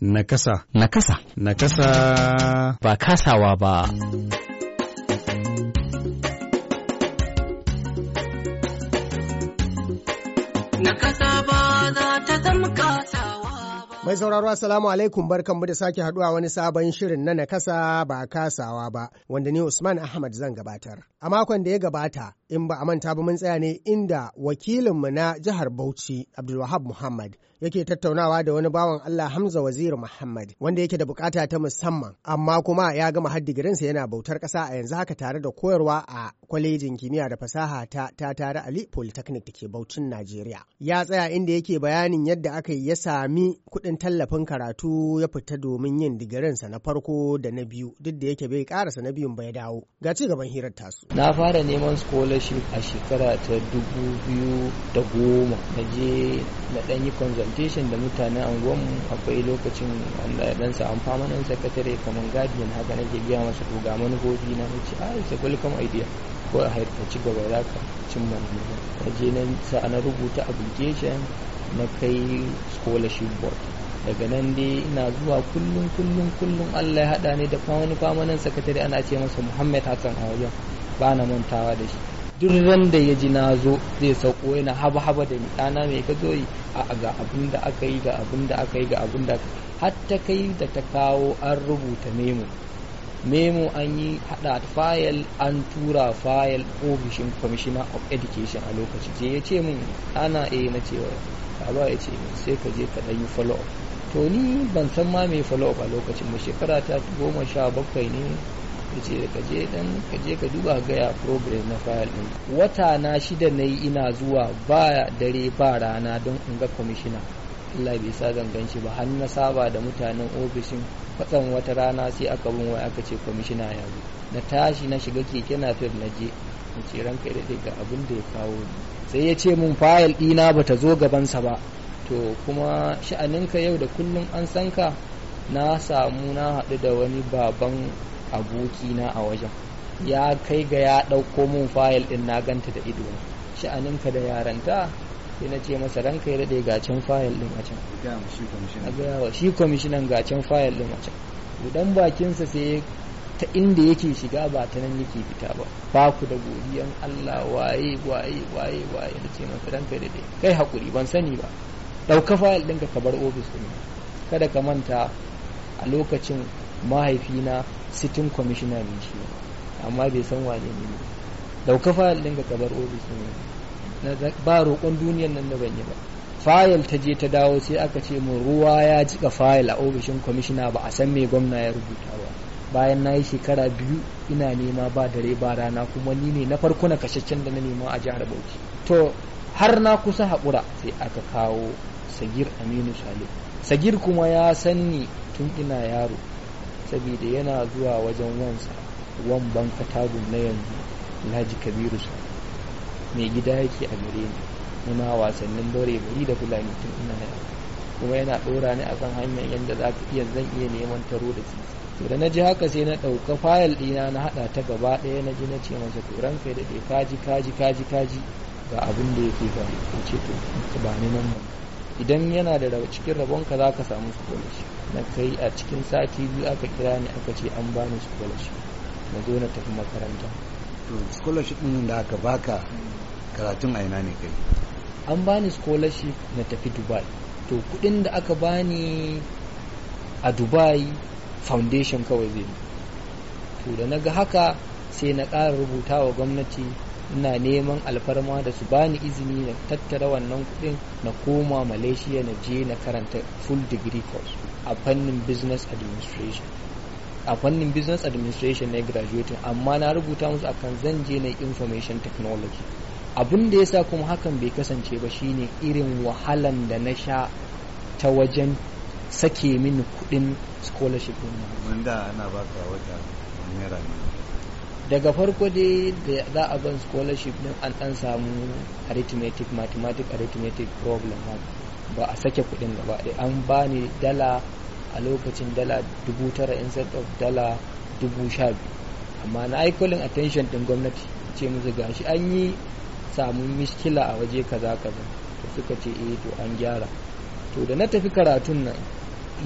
Nakasa. Nakasa. Nakasa. Ba kasawa ba. Nakasa ba za ta zama kasawa ba. Mai sauraro Assalamu alaikum barkanmu da sake haduwa wani sabon shirin na nakasa ba kasawa ba wanda ni Usman Ahmad zan gabatar. A makon da ya gabata in ba a manta ba mun tsaya ne inda wakilinmu na jihar Bauchi Abdulwahab Muhammad yake tattaunawa da wani bawan Allah Hamza Wazir Muhammad wanda yake da bukata ta musamman amma kuma ya gama haddigirinsa yana bautar ƙasa a yanzu haka tare da koyarwa a kwalejin kimiyya da fasaha ta ta tare Ali Polytechnic da ke Bauchin Najeriya. Ya tsaya inda yake bayanin yadda aka yi ya sami kuɗin tallafin karatu ya fita domin yin digirinsa na farko da na biyu duk da yake bai karasa na biyun bai dawo. Ga ci gaban hirar tasu. Na fara neman scholarship a shekara ta dubu biyu na je na ɗan yi orientation da mutanen anguwanmu akwai lokacin wanda ya dan samu famanan sakatare kamar guardian haka nake biya masa to ga manufofi na ce a ah, it's a welcome idea ko a haifa ci gaba za ka cin manufofi na je nan sa na rubuta application na kai scholarship board daga nan dai ina zuwa kullum kullum kullum Allah ya haɗa ni da wani famanan sakatare ana ce masa muhammed Hassan a wajen ba na mantawa da shi duk randa ya ji na zo zai sauko yana haba haba da ni ɗana mai ka zo yi a ga abin da aka yi ga abin da aka yi ga abin da aka yi hatta kai da ta kawo an rubuta memo memo an yi haɗa fayil an tura fayil ofishin commissioner of education a lokaci je ya ce min ana eh na cewa baba ya ce sai ka je ka dan yi follow up to ni ban san ma me follow up a lokacin ba shekara ta goma sha bakwai ne ce ka je dan ka je ka duba gaya progress na file din wata na shida na yi ina zuwa ba dare ba rana don in ga kwamishina Allah bai sa zan ganshi ba har na saba da mutanen ofishin kwatsan wata rana sai aka bin wai aka ce kwamishina ya zo na tashi na shiga keke na fef na je in ce ranka da ga abin da ya kawo ni sai ya ce mun fayil ɗina bata zo gabansa ba to kuma sha'aninka yau da kullum an san ka na samu na haɗu da wani baban abokina a wajen ya kai ga ya ɗauko min fayil ɗin na ganta da ido sha'aninka da yaranta sai na ce masa ranka ya daɗe gacin fayil ɗin a can shi kwamishinan gacin fayil ɗin a can idan bakinsa sai ta inda yake shiga ba ta nan yake fita ba ba ku da godiyan Allah waye waye waye waye da ce masa ranka daɗe kai haƙuri ban sani ba ɗauka fayil ɗinka ka bar ofis ɗin kada ka manta a lokacin mahaifina sitin kwamishina ne shi amma bai san wane ne dauka fayil ɗin ga kabar ofis ne ba roƙon duniyan nan da ban yi ba fayil ta je ta dawo sai aka ce mu ruwa ya jika fayil a ofishin kwamishina ba a san me gwamna ya rubuta ba bayan na yi shekara biyu ina nema ba dare ba rana kuma ni ne na farko na kashaccen da na nema a jihar bauchi to har na kusa haƙura sai aka kawo sagir aminu salim sagir kuma ya sanni tun ina yaro saboda yana zuwa wajen wansa wan ban katagun na yanzu Alhaji Kabiru sa mai gida yake a gare ni muna wasannin dore bari da fulani tun ina yaro kuma yana ɗora ni akan hanyar yadda za ka iya zan iya neman taro da titi to da na ji haka sai na ɗauka fayal ɗina na haɗa ta gaba ɗaya na ji na ce masa to ranka da ɗaya kaji kaji kaji kaji ga abin da yake faru ko ce to ba ni nan ba idan yana da cikin rabonka za ka samu su shi na kai a cikin sati biyu aka kira ni aka ce an bani scholarship na zo na tafi makaranta to scholarship din da aka baka karatun a ina ne kai an bani scholarship na tafi dubai to kudin da aka bani a dubai foundation kawai zai to da na ga haka sai na ƙara rubuta wa gwamnati ina neman alfarma da su bani izini na tattara wannan kudin na koma malaysia na je na karanta full degree course a fannin business administration a fannin business administration na graduating amma na rubuta musu akan zan je na information technology abin da yasa kuma hakan bai kasance ba shine irin wahalan da na sha ta wajen sake mini kudin scholarship din wanda ana baka wata naira daga farko dai da za a ban scholarship din an dan samu arithmetic mathematics arithmetic problem ba a sake kuɗin gaba ɗaya an ba ni dala a lokacin dala dubu tara instead of dala dubu sha amma na yi calling attention ɗin gwamnati ce musu gashi an yi samu miskila a waje kaza kaza to suka ce eh to an gyara to da na tafi karatun nan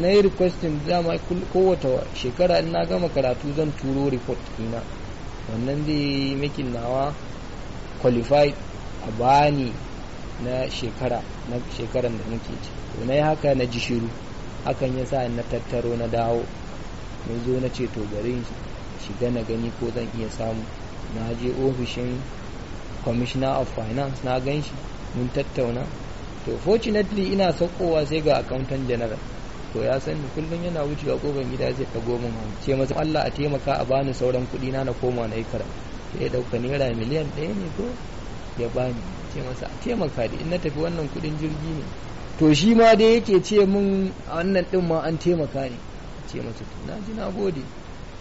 na yi requesting dama kowace shekara in na gama karatu zan turo report ina wannan zai makin nawa qualified a bani na shekara na shekaran da muke ci to na haka na ji shiru hakan ya sa na tattaro na dawo mun zo na ce to bari shiga na gani ko zan iya samu na je ofishin commissioner of finance na gan shi mun tattauna to fortunately ina saukowa sai ga accountant general to ya sani kullum yana wucewa kofar gida zai ta goma hannu ce masa Allah a taimaka a bani sauran kuɗi na na koma na yi karatu sai ya ɗauka naira miliyan ɗaya ne ko ya bani ce masa taimaka da in na tafi wannan kudin jirgi ne to shi ma dai yake ce min wannan din ma an taimaka ne ce masa na ji na gode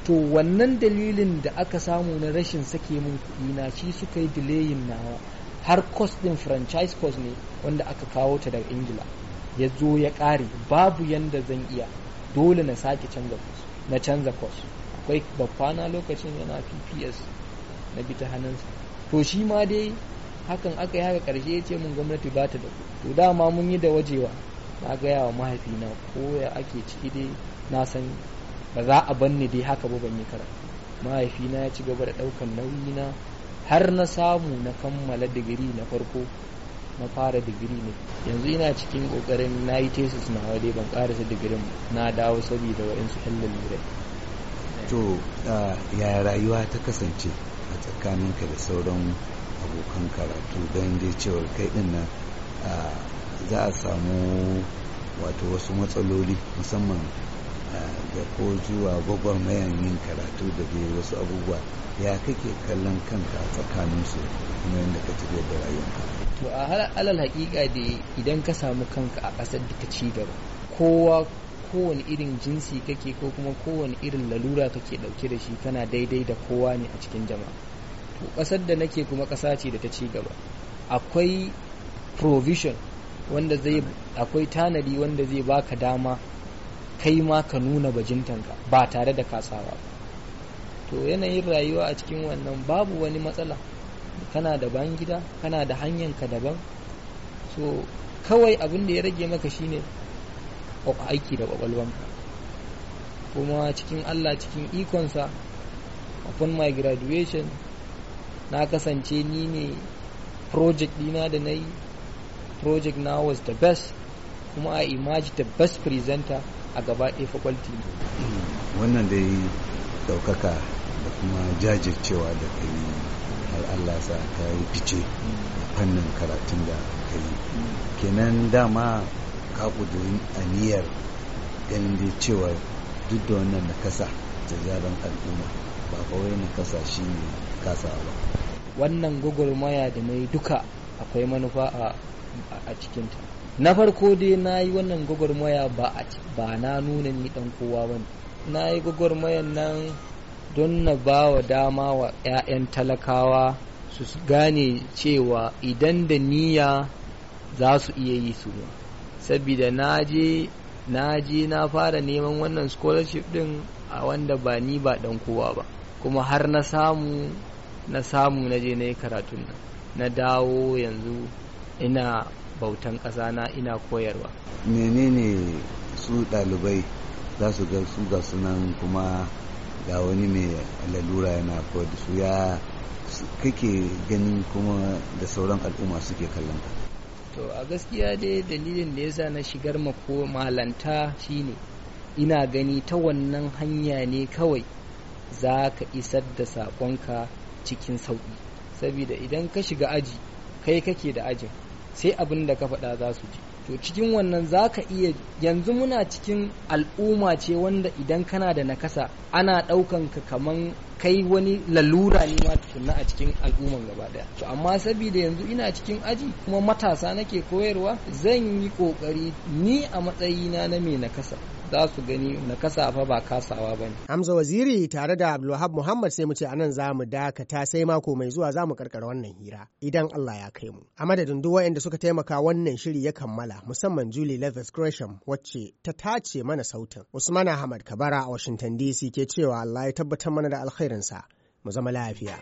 to wannan dalilin da aka samu na rashin sake mun kuɗi na shi suka yi delayin nawa har cost din franchise cost ne wanda aka kawo ta daga ingila ya zo ya kare babu yanda zan iya dole na sake canza cost na canza cost akwai na lokacin yana pps na bi ta hannunsa to shi ma dai hakan aka yi haka karshe ya ce mun gwamnati ba ta da ku to dama mun yi da wajewa na gaya wa mahaifina ko ya ake ciki dai na san ba za a banni dai haka ba ban yi karatu mahaifina ya ci gaba da ɗaukan na har na samu na kammala digiri na farko na fara digiri ne yanzu ina cikin ƙoƙarin na yi tesis na dai ban ƙarasa digirin na dawo saboda waɗansu hallin lurai to yaya ah, rayuwa ta kasance a tsakaninka da sauran abokan karatu don dai cewar kai din nan za a samu wato wasu matsaloli musamman da ko zuwa mayan yin karatu da dai wasu abubuwa ya kake kallon kanka a tsakanin su kuma yadda ka tafiyar da rayuwarka to a alal hakika da idan ka samu kanka a ƙasar da ka ci gaba kowa kowane irin jinsi kake ko kuma kowane irin lalura kake dauke da shi kana daidai da kowa ne a cikin jama'a ƙasar da nake kuma ƙasa ce da ta ci gaba akwai provision wanda zai akwai tanadi wanda zai baka dama kai ma ka nuna bajintanka ba tare da kasawa ba to yanayin rayuwa a cikin wannan babu wani matsala kana da ban gida kana da ka daban so kawai abin da ya rage maka shine aiki da kwakwalwanka kuma cikin allah cikin ikonsa upon my graduation na kasance ni ne project dina da na yi project na was the best kuma a image the best presenter a gaba ɗaya faculty wannan dai ɗaukaka da kuma jajircewa da ka yi har allah sa ka yi fice fannin karatun da ka yi kenan dama ka ƙudurin aniyar ganin dai cewa duk da wannan nakasa da zaren al'umma ba kawai nakasa shi ne kasawa ba wannan gwagwarmaya da na duka akwai manufa a cikinta na farko dai na yi wannan gwagwarmaya ba na nuna ni dan kowa ba na yi gwagwarmayan nan don na ba wa dama wa 'ya'yan talakawa su gane cewa idan da niyya za su iya yi su ba saboda na je na je na fara neman wannan scholarship din a wanda ba ni ba dan kowa ba kuma har na samu na samu na je na yi karatun nan na dawo yanzu ina bautan ƙasa na ina koyarwa menene su ɗalibai za su ga su ga sunan kuma ga wani mai lalura yana koyar da su ya kake ganin kuma da sauran al'umma suke kallon ka to a gaskiya dai dalilin da yasa na shigar mako malanta shine ina gani ta wannan hanya ne kawai za ka isar da saƙonka cikin sauƙi saboda idan ka shiga aji kai kake da ajin sai abin da ka faɗa za su ji to cikin wannan za ka iya yanzu muna cikin al'umma ce wanda idan kana da nakasa ana ɗaukan ka kaman kai wani lalura ne ma tukunna a cikin al'umman gaba daya to amma saboda yanzu ina cikin aji kuma matasa nake koyarwa zan yi kokari ni a matsayina na mai nakasa za su gani nakasa fa ba kasawa bane Hamza Waziri tare da Abdulwahab Muhammad sai mu ce anan za mu dakata sai mako mai zuwa za mu karkara wannan hira idan Allah ya kai mu a madadin duk waɗanda suka taimaka wannan shiri ya kammala musamman Julie Levis Gresham wacce ta tace mana sautin Usman Ahmad Kabara a Washington DC ke cewa Allah ya tabbatar mana da alkhairi shirinsa mu zama lafiya.